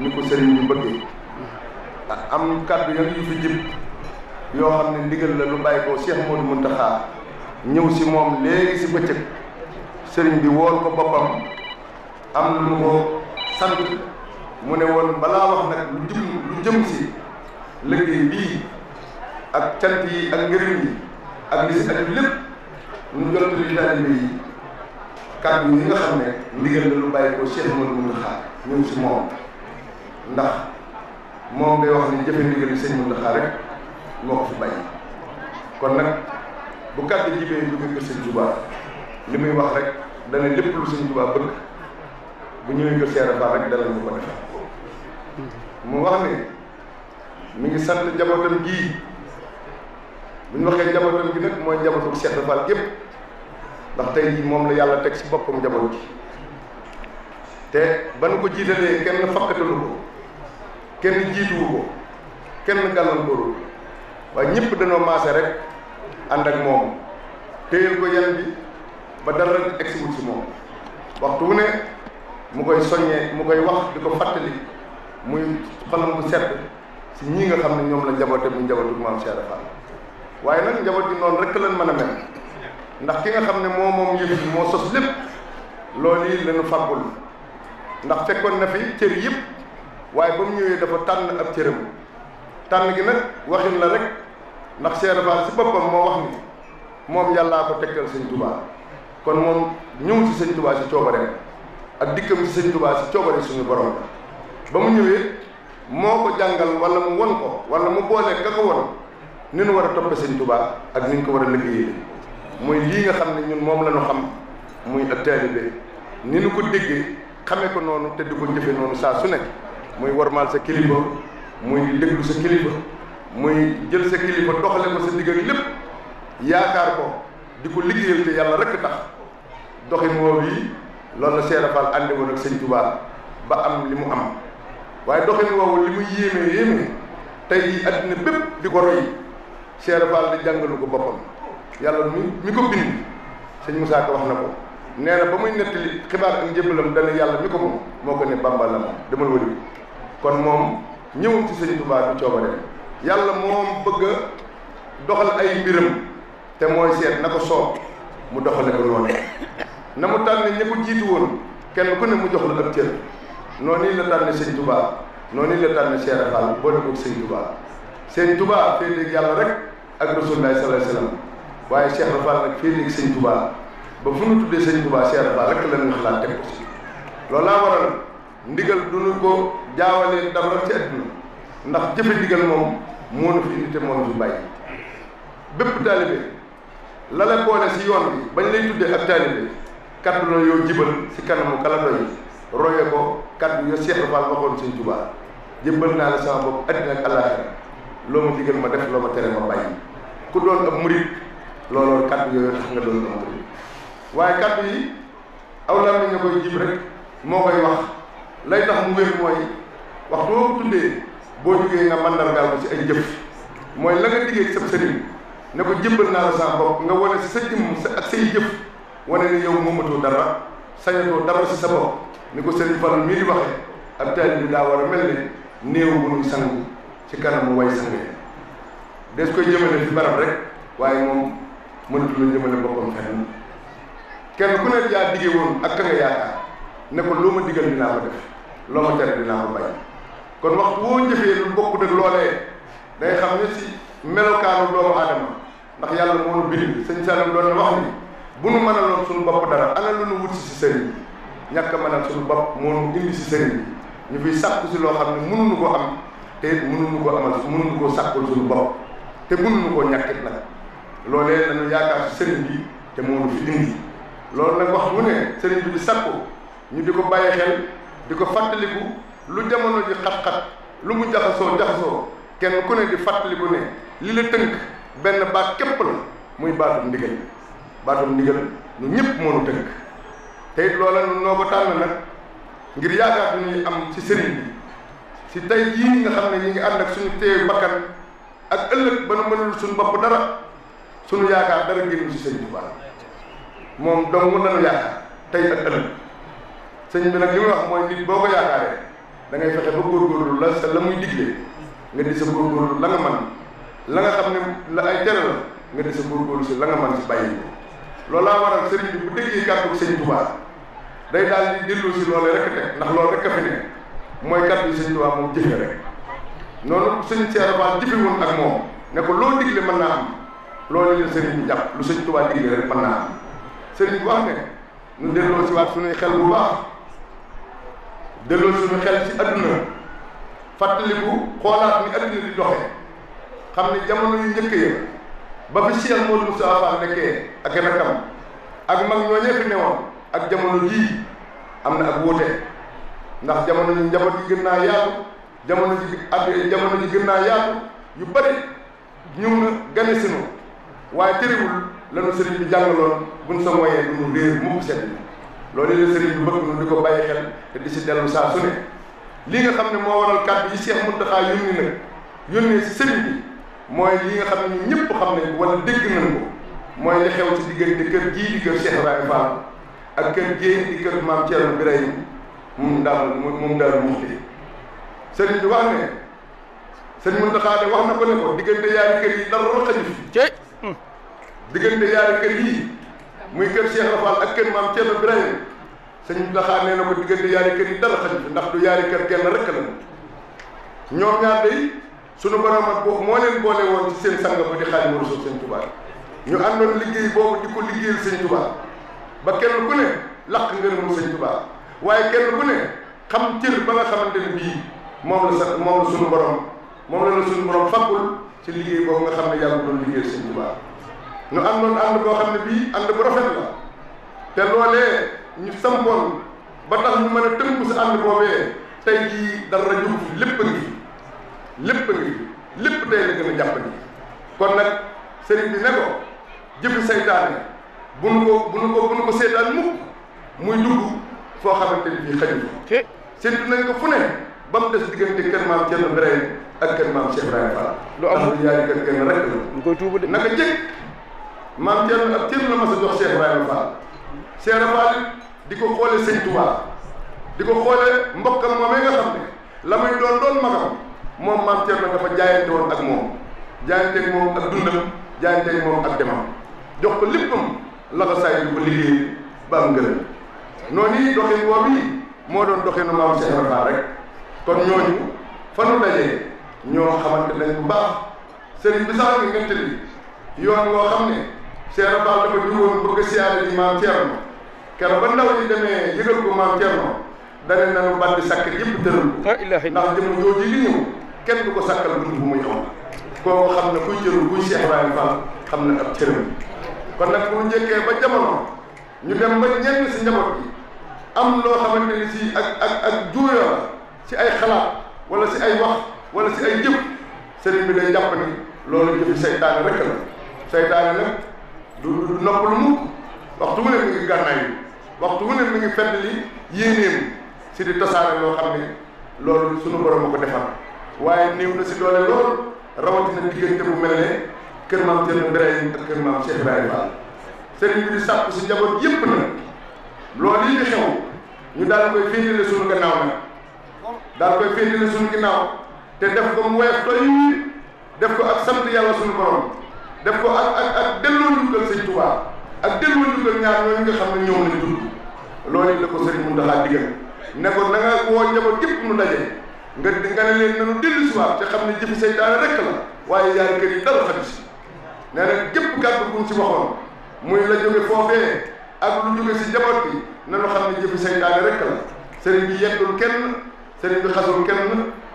ni ko sëriñ bi bëggee am kàddu yëpp yu fi yoo xam ne ndigal la lu bàyyi ko Cheikh Modou Mountakha ñëw si moom léegi si bëccëg sëriñ bi wool ko boppam am na lu ko sant mu ne woon balaa wax nag lu jëm si liggéey bii ak cant yi ak ngërëm yi ak li si aju lépp ñu jottali taalibe yi kàddu yi nga xam ne ndigal la lu bàyyi ko Cheikh Modou Mountakha ñëw si moom ndax moom day wax ni jëfe ndigal sëñ Muntaxa rek moo ko fi bàyyi kon nag bu kàddu jibee lu muy ko sëñ juba li muy wax rek dana lépp lu sëñ juba bëgg bu ñëwee ko seera baax rek dana ñu ko defal mu wax ne mi ngi sant njabootam gii bu ñu waxee njabootam gi nag mooy njabootu Seex Faal gépp ndax tey jii moom la yàlla teg si boppam njaboot gi te ko jiitalee kenn fakkatalu ko kenn jiituwu ko kenn gàllankooru waaye ñepp dañu maase rek and ak mom teyel ko yan bi ba dara egsiwul ci mom waxtu wu ne mu koy soñé mu koy wax di fatali muy xolam bu sedd ci ñi nga xam ñom la njaboote bu njabootu maam Cheikh Fall waye nak njaboot non rek lañ mëna mel ndax ki nga xam mom mom yëf mo sos lepp loolu lañu fagul ndax fekkon na fi cër yëpp waaye ba mu ñëwee dafa tànn ab cëram tànn gi nag waxin la rek ndax Cheikh Fall si boppam moo wax ni moom yàllaa ko tekkal sëñ Touba kon moom ñëw sëñ Touba si coobareem ak dikkam ci sëñ Touba si coobare suñu borom ba mu ñëwee moo ko jàngal wala mu won ko wala mu boolee ka ko won ni nu war a toppe sëñ Touba ak ni ko war a liggéeyee muy lii nga xam ne ñun moom la ñu xam muy ak taalibe ni nu ko déggee xamee ko noonu te di ko jëfe noonu saa su nekk muy wormal sa kilifa muy deglu sa kilifa muy jël sa kilifa doxale ko sa digal lepp yaakar ko di liggeyal te yalla rek tax doxin woowu yi loolu la Cheikh Fall àndi won ak seigne Touba ba am limu am waye doxin woowu li mu yéeme yéeme tey jii àddina bépp di roy Cheikh Fall di jangalu ko bopam yalla mi mi ko bind seigne Moussa ko wax nako ko bamuy netti xibaar ak jëbëlam dana yalla mi ko moom ko ne bambalam. demal wëri kon moom ñëwul ci sëñ Tuubaa bi coobare yàlla moom bëgg doxal ay mbiram te mooy seet na ko soob mu doxale ko noonu na mu tànn ñi ko jiitu woon kenn ku ne mu jox la ab cër noonu la tànn sëñ Tuubaa noonu la tànn Cheikh Fall boo defoon sëñ Tuubaa sëñ tubaa féeteeg yàlla rek ak Rasulullaahi sallallaahu alayhi wa sallam waaye Cheikh Fall nag féeteeg sëñ Tuubaa ba fu ñu tuddee sëñ Tuubaa Cheikh Fall rek la ñu xalaat teg ko si loolaa waral. ndigal du ñu ko jaawale dara ci àdduna ndax jëfe digal mom mo nu fi nité mo moo nu fi bàyyi bépp la la la boole si yoon bi bañ lay tuddé ak talibé kàddu la yo jibal ci kanamu kala doy royé ko kàddu yo cheikh bal waxon seigne touba jëmbal na la sama bopp adina ak allah lo mo digal ma def lo ma téré ma bàyyi ku doon ak mourid lolo kàddu yo tax nga doon ab murit waaye kàddu yi awlam ni nga koy jib rek mo koy wax lay tax mu wér mooy waxtu woo boo jógee nga mandargaal ko ci ay jëf mooy la nga diggee sa sëriñ ne ko jëmbal naa la sa bopp nga wane si sa jëmm ak say yow moomatoo dara sañatoo dara si sa bopp ni ko sëriñ Fall mii di waxee ab taalibe bi war a mel ne néew bu ñu sangu ci kanamu way sang yi des koy jëmale fi barab rek waaye moom mënatu la jëmale boppam fenn kenn ku ne yaa diggee woon ak ka nga yaakaar ne ko luma digal dina ko def luma ma dina ko bay kon wax wo jëfee lu bokku dëgg lolé day xam ne si melokaanu doomu adam ndax yalla mo nu birim sëñ Saalum doon wax ni bu nu manal mënaloon sunu bop dara ala lu nu wut ci seigne ñàkk manal sunu bop mo nu indi ci seigne ñu fi sakku ci lo xam ne nu ko am te nu ko amal mënuñu koo sàkkul suñu bopp te nu ko ñàkkit nag lolé dañu yaaka ci seigne bi te mo nu fi indi loolu nak wax mu ne sëriñ bi di ñu di ko bàyyi xel di ko fàttaliku lu jamono ji xat lu mu jaxasoo jaxasoo kenn ku ne di fàttaliku ne li la tënk benn baat képp la muy baatum ndigal baatum ndigal ñu ñëpp moonu tënk te loola nun noo ko tànn ngir yaakaar bi ñuy am ci sëriñ si tey jii nga xam ne ñi ngi ànd ak suñu teeyu bakkan ak ëllëg ba nu mënul suñu bopp dara suñu yaakaar dara génn ci sëriñ Tuubaa moom dong mu nanu yaakaar tey ak ëllëg sëñ bi nag li muy wax mooy nit boo ko yaakaaree da ngay fexe ba góorgóorlu la sa la muy digle nga di sa góorgóorlu la nga man la nga xam la ay tere la nga di sa góorgóorlu si la nga man si bàyyi ko waral sëriñ bi bu déggee kàddu sëñ Tuubaa day daal di dellu si loolee rek teg ndax loolu rek fi ne mooy kàddu sëñ Tuubaa moom jëfe rek noonu sëñ Cheikh Fall jëfe woon ak moom ne ko loo digle mën am la bi lu sëñ Tuubaa digle rek mën naa am sëriñ bu wax ne ñu delloo si waat suñuy xel bu baax delloo suñu xel ci adduna fàttaliku xoolaat ni adduna di doxe xam ne jamono yu njëkk ya ba fi Cheikh Modou Moustapha ak rakam ak mag ñooñee fi newoon ak jamono jii am na ak wóote ndax jamono ji njaboot yi gën naa yaatu jamono ji ak jamono ji gën naa yaatu yu bari ñëw na gane sinu waaye tëriwul lanu sëriñ bi jàngaloon buñ sa moyee du mu réer mukk sedd loolu la sëriñ bi bëgg nu di ko bàyyi xel te di si dellu saa su ne li nga xam ne moo waral kàddu yi Cheikh Mountakha yónni nag yónnee si sëriñ bi mooy li nga xam ne ñëpp xam ne wala dégg nañ ko mooy li xew ci diggante kër gii di kër Cheikh Ibrahima Fall ak kër gii di kër maam Thierno Birahim moom daal moom daal muxti sëriñ bi wax ne sëriñ Mountakha de wax na ko ne ko diggante yaari kër yi dara xaju fi diggante yaari kër yi muy kër Cheikh Rafal ak kër maam Thierno Birahim sëñ Mountakha nee na ko diggante yaari kër yi dara xaju ndax du yaari kër kenn rek la ñoom ñaar day sunu borom ak boobu moo leen boole woon ci seen sang ba di Xaadimu Rasuul sëñ Tuubaa ñu àndoon liggéey boobu di ko liggéeyal sëñ Tuubaa ba kenn ku ne laq ngërëmu sëñ Tuubaa waaye kenn ku ne xam cër ba nga xamante ne bii moom la sa moom la sunu borom moom la la sunu borom fàggul liggéey boobu nga xam ne yàlla doon liggéeyal nu àndoon ànd boo xam ne bii ànd bu rafet la te loolee ñu sampoon ba tax ñu mën a tënku si ànd boobee tey jii dara jóg fi lépp a ngi lépp a ngi fi lépp tey la gën jàpp ni kon nag sëriñ bi ne ko jëfi saytaane bu nu ko bu nu ko bu mukk muy dugg foo xamante ni bii xaju ko seetu nañ ko fu ne ba mu des diggante kër maam Thierno Birahim ak kër maam Cheikh Ibrahima Fall lu am yaari kër kenn rek la koy tuubu de naka jëkk maam Thierno ak Thierno la mas a jox Cheikh Ibrahima Fall Cheikh Ibrahima Fall di ko xoolee sëñ Touba di ko xoolee mbokkam moomee nga xam ne la muy doon magam moom maam Thierno dafa jaayante ak moom jaayanteeg moom ak dundam jaayanteeg moom ak demam jox ko léppam la ko saa ko liggéey ba ngërëm noonu yi doxin boobu moo doon doxinu maam Cheikh Ibrahima rek kon ñooñu fanu dajee ñoo xamante nañ bu baax sëriñ bi sax nga ngénte li yoon woo xam ne la Fall dafa ñëwoon bëgg siyaare ji maam Thierno keroog ba ndaw ñi demee yëgal ko maam Thierno danañ nañu bandi sàkkat yëpp tëral ko ndax jëm jooju li ñëw kenn du ko sàkkal bunt bu muy aw koo xam ne kuy jëru kuy Cheikh Ibrahima Fall xam ne ab cëram kon nag bu njëkkee ba jamono ñu dem ba ñenn si njaboot bi am loo xamante ni si ak ak ak la si ay xalaat wala si ay wax wala si ay jëf sëriñ bi day jàpp ni loolu jëfi seytaane rek la seytaane du du noppalu mukk waxtu wu ne mi ngi gànnaayu waxtu wu ne mi ngi feddali yéeneem si di tasaare loo xam ne loolu sunu borom a ko defar waaye néew na si doole lool rawatina diggante bu mel ne kër maam Thierno Birahim ak kër maam Cheikh Ibrahima Fall sëriñ bi di sàpp si njaboot yépp na loolu yi di xew ñu daal koy féetale sunu gannaaw nag daal koy féetale sunu ginnaaw te def ko mu weef doy def ko ak sant yàlla sunu borom def ko ak ak ak delloo njukkal sëñ Tuubaa ak delloo njukkal ñaar ñooñu nga xam ne ñoom lañ la ko sëriñ Mountakha digal ne na nga woo njaboot yëpp nu daje nga nga ne leen nanu dellu si waat te xam ne jëfi seytaane rekk la waaye yaari kër yi dara xaju si nee muy la jóge foofee ak lu jóge si njaboot bi nanu xam ne jëfi seytaane rekk la sëriñ bi yeddul kenn sëriñ bi xasul kenn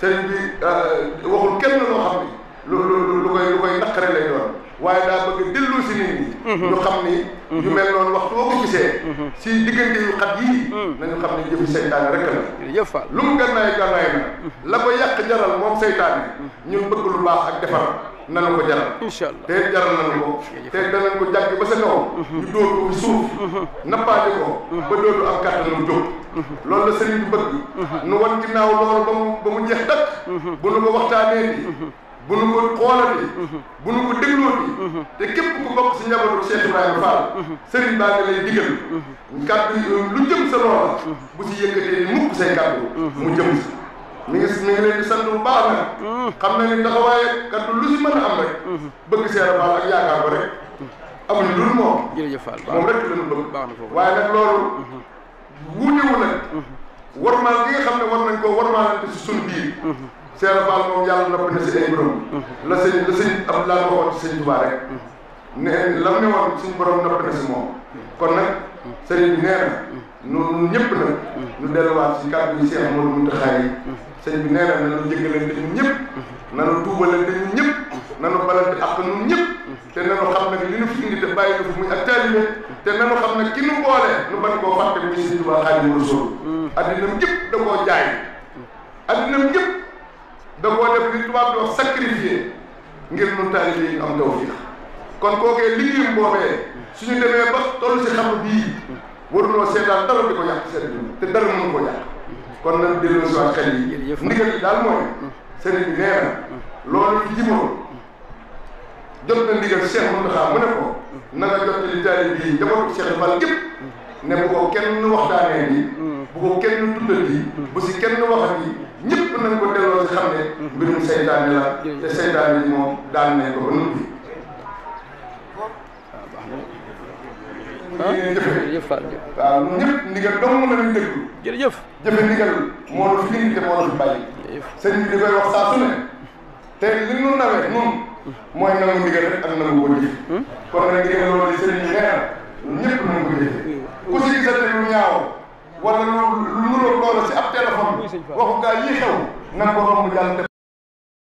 sëriñ bi euh, waxul kenn loo xam ne lu lu lu koy lu koy naqare lay doon waaye daa bëgg sini, si nit ñi mhm. ñu xam ni yu mhm. mel waxtu mhm. si yu xat yii nañu xam ne jëfi seytaane rek la jëf fa lu mu gànnaay na la ko yàq jaral moom seytaane ñun bëgg lu baax ak ko jaral allah jaral nañu ko te danañ ko jàgg ba sa kaw ñu dóor ko suuf nappaate ko ba dootu am kàttanam jóg loolu la sëriñ bëgg nu loolu ba mu jeex bu ko bu nu ko xoolatee mhm. bu nu ko déglootee mhm. te képp ku bokk si njabootu Cheikh Ibrahima Fall mhm. sëriñ baa ngi lay digal kàddu lu jëm sa loola bu si yëkkatee ni mukk say kàddu mu jëm si mi ngi mi ngi leen di sant bu baax nag xam na ni taxawaaye kàddu lu si mën a am rek bëgg Cheikh Fall ak yaakaar ko rek a dul moom jërëjëf Fall moom rek lañu bëgg baax na foofu waaye nag loolu wuutewu nag warmaal nga xam ne war nañ koo warmaalante su suñu biir Seera Fall moom yàlla nopp na si ay borom. la sëñ la sëñ ab laa waxoon si sëñ rek. ne lam ne woon suñu borom nopp na si moom. kon nag sëriñ bi na. ñun ñëpp nag. ñu delluwaat si kàddu yi Cheikh Modou Mountakha yi. sëñ bi nee na nañu jéggalante ñun ñëpp. nañu tuubalante ñun ñëpp. nañu balante ak ñun ñëpp. te nañu xam nag li ñu fi te bàyyi ñu xam nag ki nu boole nu bañ koo fàtte muy sëñ Tuubaa Xaadimu Rasuul. addinam yëpp da koo jaay. addinam yëpp. da koo def li tubaab di wax sacrifié ngir nun taalibe yi ñu am tawfiix kon kookee liggéeyam boobee suñu demee ba toll si xam bii warunoo seetaan dara di ko yàq sëriñ bi te dara mënu ko yàq kon nag delloo si waat xel yi ndigal bi daal mooy mm. sëriñ bi nee na loolu fi jimoon jot na ndigal Cheikh Mountakha mu ne ko mm. na nga jot li taalibe yi njabootu Cheikh Fall gépp ne bu ko kenn waxtaanee bi mm. bu ko kenn tuddal bi bu si kenn waxat yi ñëpp nañ ko delloo si xam ne mbirum seytaane la te seytaane yi moom daan nañ ko ba noppi ah, jërëjëf waaw ñëpp ndigal dong la ñu déglu jërëjëf jëfe ndigal moo la fi te moo la fi bàyyi sëñ bi di koy wax saa su ne te li ñu nawee moom mooy nangu ndigal rek ak nangu ko jëf hmm? kon nag ndigal loolu sëriñ bi nee na ñëpp nañ ko jëfe hmm. ku si gisate lu ñaaw wala lu lu lu loolu si ab téléphone waxu gaa yii xew nan ko romb jàll